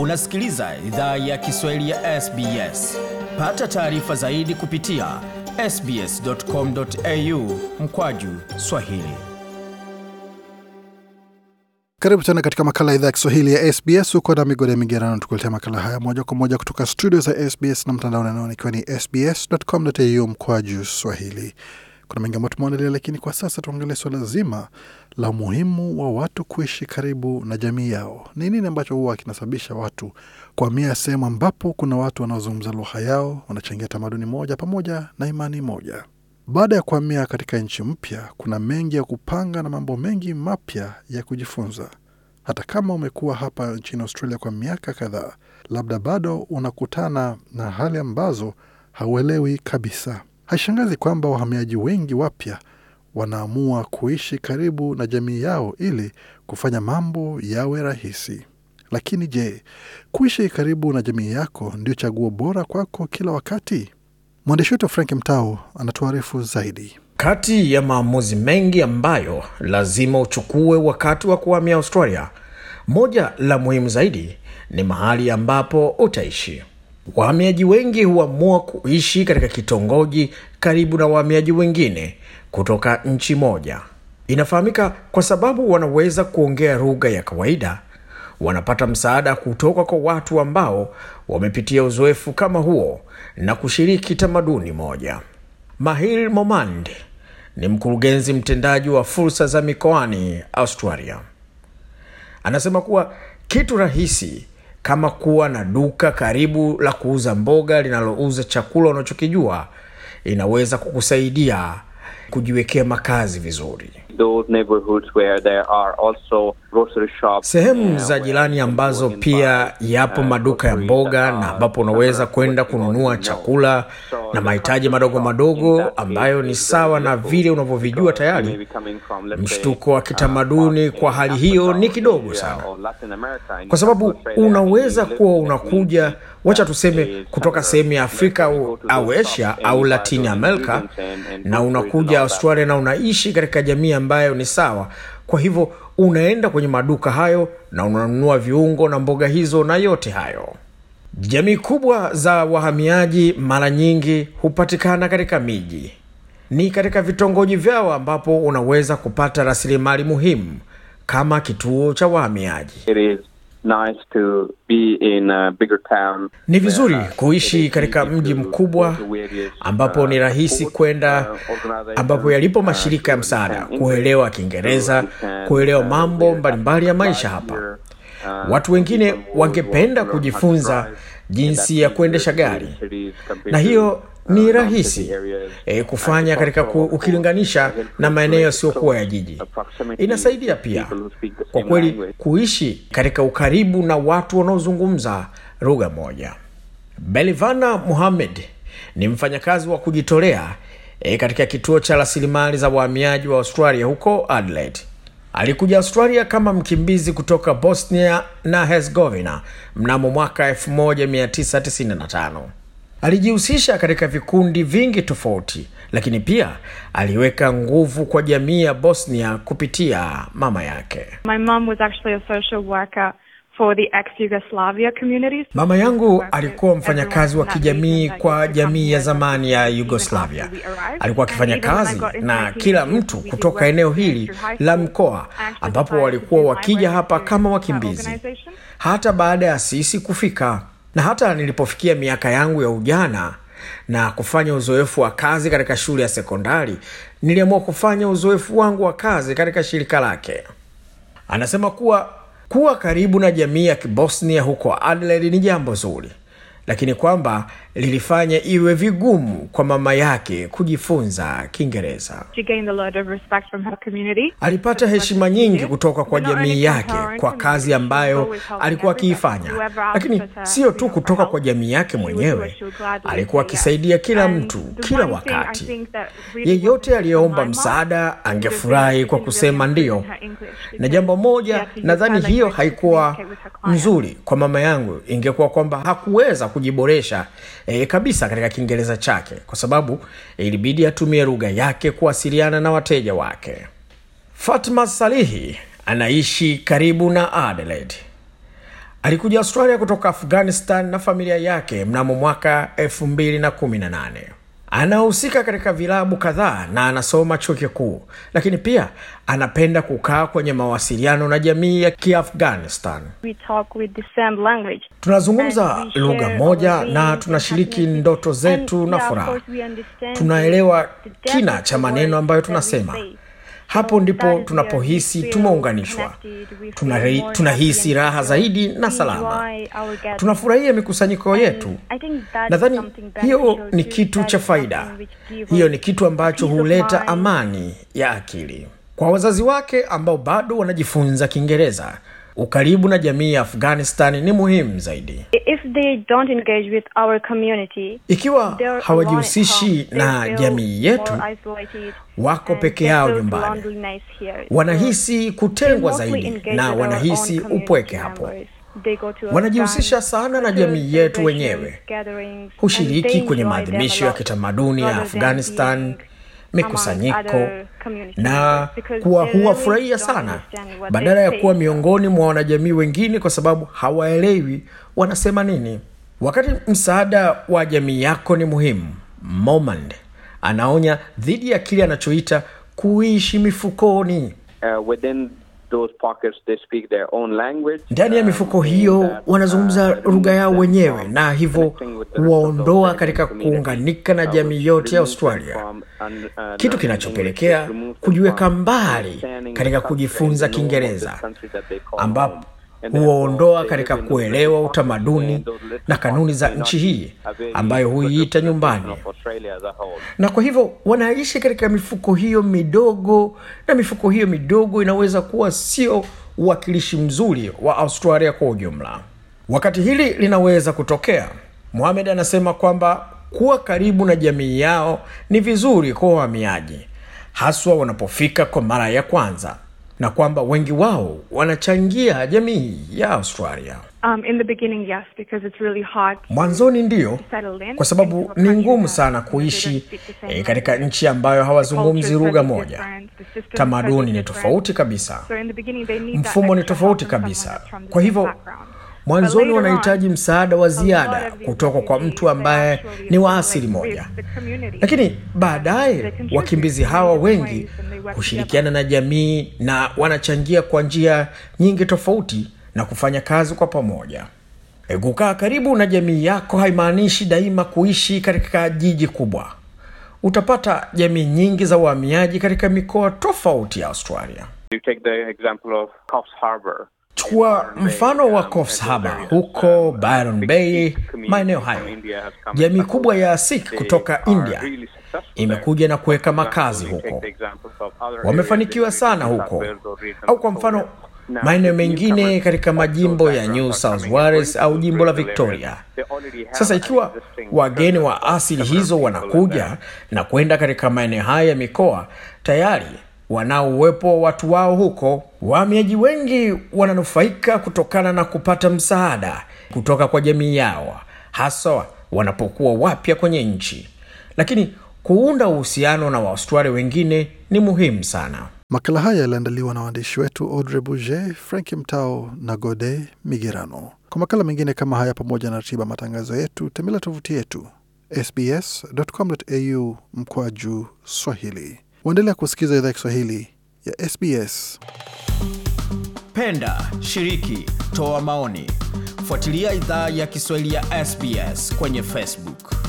Unasikiliza idhaa ya Kiswahili ya SBS. Pata taarifa zaidi kupitia sbs.com.au mkwaju swahili. Karibu tena katika makala ya idhaa ya Kiswahili ya SBS. Huko na migode ya migerano, tukuletea makala haya moja kwa moja kutoka studio za SBS na mtandao, nanaonikiwa ni sbs.com.au mkwaju swahili. Kuna mengi ambayo tumeandalia, lakini kwa sasa tuangalie swala zima la umuhimu wa watu kuishi karibu na jamii yao. Ni nini ambacho huwa kinasababisha watu kuhamia sehemu ambapo kuna watu wanaozungumza lugha yao, wanachangia tamaduni moja pamoja na imani moja? Baada ya kuhamia katika nchi mpya, kuna mengi ya kupanga na mambo mengi mapya ya kujifunza. Hata kama umekuwa hapa nchini Australia kwa miaka kadhaa, labda bado unakutana na hali ambazo hauelewi kabisa. Haishangazi kwamba wahamiaji wengi wapya wanaamua kuishi karibu na jamii yao ili kufanya mambo yawe rahisi. Lakini je, kuishi karibu na jamii yako ndio chaguo bora kwako kila wakati? Mwandishi wetu Frank Mtao anatuarifu zaidi. Kati ya maamuzi mengi ambayo lazima uchukue wakati wa kuhamia Australia, moja la muhimu zaidi ni mahali ambapo utaishi. Wahamiaji wengi huamua kuishi katika kitongoji karibu na wahamiaji wengine kutoka nchi moja. Inafahamika kwa sababu wanaweza kuongea lugha ya kawaida. Wanapata msaada kutoka kwa watu ambao wamepitia uzoefu kama huo na kushiriki tamaduni moja. mahil Momand ni mkurugenzi mtendaji wa fursa za mikoani Australia. Anasema kuwa kitu rahisi kama kuwa na duka karibu la kuuza mboga linalouza chakula unachokijua inaweza kukusaidia kujiwekea makazi vizuri sehemu uh, za jirani ambazo pia yapo uh, maduka ya mboga uh, na ambapo unaweza kwenda kununua chakula na mahitaji madogo madogo ambayo ni sawa na vile unavyovijua tayari. Mshtuko wa kitamaduni kwa hali hiyo ni kidogo sana, kwa sababu unaweza kuwa unakuja, wacha tuseme, kutoka sehemu ya Afrika au, au Asia au Latini Amerika, na unakuja Australia na unaishi katika jamii ambayo ni sawa. Kwa hivyo unaenda kwenye maduka hayo na unanunua viungo na mboga hizo na yote hayo jamii kubwa za wahamiaji mara nyingi hupatikana katika miji ni katika vitongoji vyao ambapo unaweza kupata rasilimali muhimu kama kituo cha wahamiaji Nice to be in a bigger town. Ni vizuri uh, kuishi katika mji mkubwa ambapo ni uh, rahisi kwenda, uh, ambapo yalipo mashirika ya msaada, kuelewa Kiingereza, kuelewa mambo mbalimbali ya maisha hapa watu wengine wangependa kujifunza jinsi ya kuendesha gari na hiyo ni rahisi e, kufanya katika ku, ukilinganisha na maeneo yasiyokuwa ya jiji. Inasaidia pia kwa kweli kuishi katika ukaribu na watu wanaozungumza lugha moja. Belivana Muhamed ni mfanyakazi wa kujitolea e, katika kituo cha rasilimali za wahamiaji wa Australia huko Adelaide. Alikuja Australia kama mkimbizi kutoka Bosnia na Herzegovina mnamo mwaka 1995. Alijihusisha katika vikundi vingi tofauti, lakini pia aliweka nguvu kwa jamii ya Bosnia kupitia mama yake. My mom was actually a social worker. Mama yangu alikuwa mfanyakazi wa kijamii kwa jamii ya zamani ya Yugoslavia. Alikuwa akifanya kazi na kila mtu kutoka eneo hili la mkoa ambapo walikuwa wakija hapa kama wakimbizi hata baada ya sisi kufika. Na hata nilipofikia miaka yangu ya ujana na kufanya uzoefu wa kazi katika shule ya sekondari, niliamua kufanya uzoefu wangu wa kazi katika shirika lake. Anasema kuwa kuwa karibu na jamii ya Kibosnia huko Adelaide ni jambo zuri, lakini kwamba lilifanya iwe vigumu kwa mama yake kujifunza Kiingereza. Alipata heshima nyingi kutoka kwa uh, jamii yake kwa kazi ambayo alikuwa akiifanya, lakini siyo tu kutoka kwa jamii yake mwenyewe. Alikuwa akisaidia kila mtu kila wakati. Yeyote aliyeomba msaada angefurahi kwa kusema ndiyo. Na jambo moja, nadhani hiyo haikuwa nzuri kwa mama yangu, ingekuwa kwamba hakuweza kujiboresha e, kabisa katika kiingereza chake kwa sababu e, ilibidi atumie lugha yake kuwasiliana na wateja wake fatma salihi anaishi karibu na adelaide alikuja australia kutoka afghanistan na familia yake mnamo mwaka 218 anahusika katika vilabu kadhaa na anasoma chuo kikuu, lakini pia anapenda kukaa kwenye mawasiliano na jamii ya Kiafghanistan. Tunazungumza lugha moja na tunashiriki ndoto zetu na furaha. Tunaelewa kina cha maneno ambayo tunasema hapo ndipo tunapohisi tumeunganishwa, tunahisi raha zaidi na salama, tunafurahia mikusanyiko yetu. Nadhani hiyo ni kitu cha faida, hiyo ni kitu ambacho huleta amani ya akili. Kwa wazazi wake ambao bado wanajifunza Kiingereza, ukaribu na jamii ya Afghanistan ni muhimu zaidi. If they don't engage with our community, ikiwa hawajihusishi na jamii yetu, wako peke yao nyumbani, wanahisi kutengwa zaidi na wanahisi upweke hapo wanajihusisha sana na jamii yetu wenyewe, hushiriki kwenye maadhimisho ya kitamaduni ya Afghanistan mikusanyiko na kuwa huwafurahia sana badala ya kuwa miongoni mwa wanajamii wengine kwa sababu hawaelewi wanasema nini wakati msaada wa jamii yako ni muhimu momand anaonya dhidi ya kile anachoita kuishi mifukoni uh, ndani ya uh, mifuko hiyo wanazungumza uh, lugha yao wenyewe na hivyo huwaondoa katika kuunganika na jamii yote ya australia kitu kinachopelekea kujiweka mbali katika kujifunza kiingereza ambapo huwaondoa katika kuelewa utamaduni na kanuni za nchi hii ambayo huiita nyumbani, na kwa hivyo wanaishi katika mifuko hiyo midogo, na mifuko hiyo midogo inaweza kuwa sio uwakilishi mzuri wa Australia kwa ujumla. Wakati hili linaweza kutokea Mohamed anasema kwamba kuwa karibu na jamii yao ni vizuri kwa wahamiaji, haswa wanapofika kwa mara ya kwanza na kwamba wengi wao wanachangia jamii ya Australia. Um, in the beginning, yes, because it's really hard. Mwanzoni ndiyo, kwa sababu ni ngumu sana kuishi e, katika nchi ambayo hawazungumzi lugha moja, tamaduni ni tofauti kabisa, so mfumo ni tofauti kabisa, kwa hivyo Mwanzoni wanahitaji msaada wa ziada kutoka kwa mtu ambaye ni wa asili moja, lakini baadaye wakimbizi hawa wengi hushirikiana na jamii na wanachangia kwa njia nyingi tofauti na kufanya kazi kwa pamoja. Kukaa karibu na jamii yako haimaanishi daima kuishi katika jiji kubwa. Utapata jamii nyingi za uhamiaji katika mikoa tofauti ya Australia. You take the example of Coffs Harbour. Chukua mfano wa Coffs huko Byron Bay, maeneo hayo. Jamii kubwa ya Sikh kutoka India imekuja na kuweka makazi huko, wamefanikiwa sana huko, au kwa mfano maeneo mengine katika majimbo ya New South Wales au jimbo la Victoria. Sasa ikiwa wageni wa asili hizo wanakuja na kwenda katika maeneo haya ya mikoa, tayari wanaowepo watu wao huko. Wahamiaji wengi wananufaika kutokana na kupata msaada kutoka kwa jamii yao, haswa wanapokuwa wapya kwenye nchi, lakini kuunda uhusiano na Waaustralia wengine ni muhimu sana. Makala haya yaliandaliwa na waandishi wetu Audrey Buget, Frank Mtao na Gode Migerano. Kwa makala mengine kama haya, pamoja na ratiba matangazo yetu, tembelea tovuti yetu sbs.com.au mkwaju Swahili. Waendelea kusikiza idhaa ya Kiswahili ya SBS. Penda, shiriki, toa maoni, fuatilia idhaa ya Kiswahili ya SBS kwenye Facebook.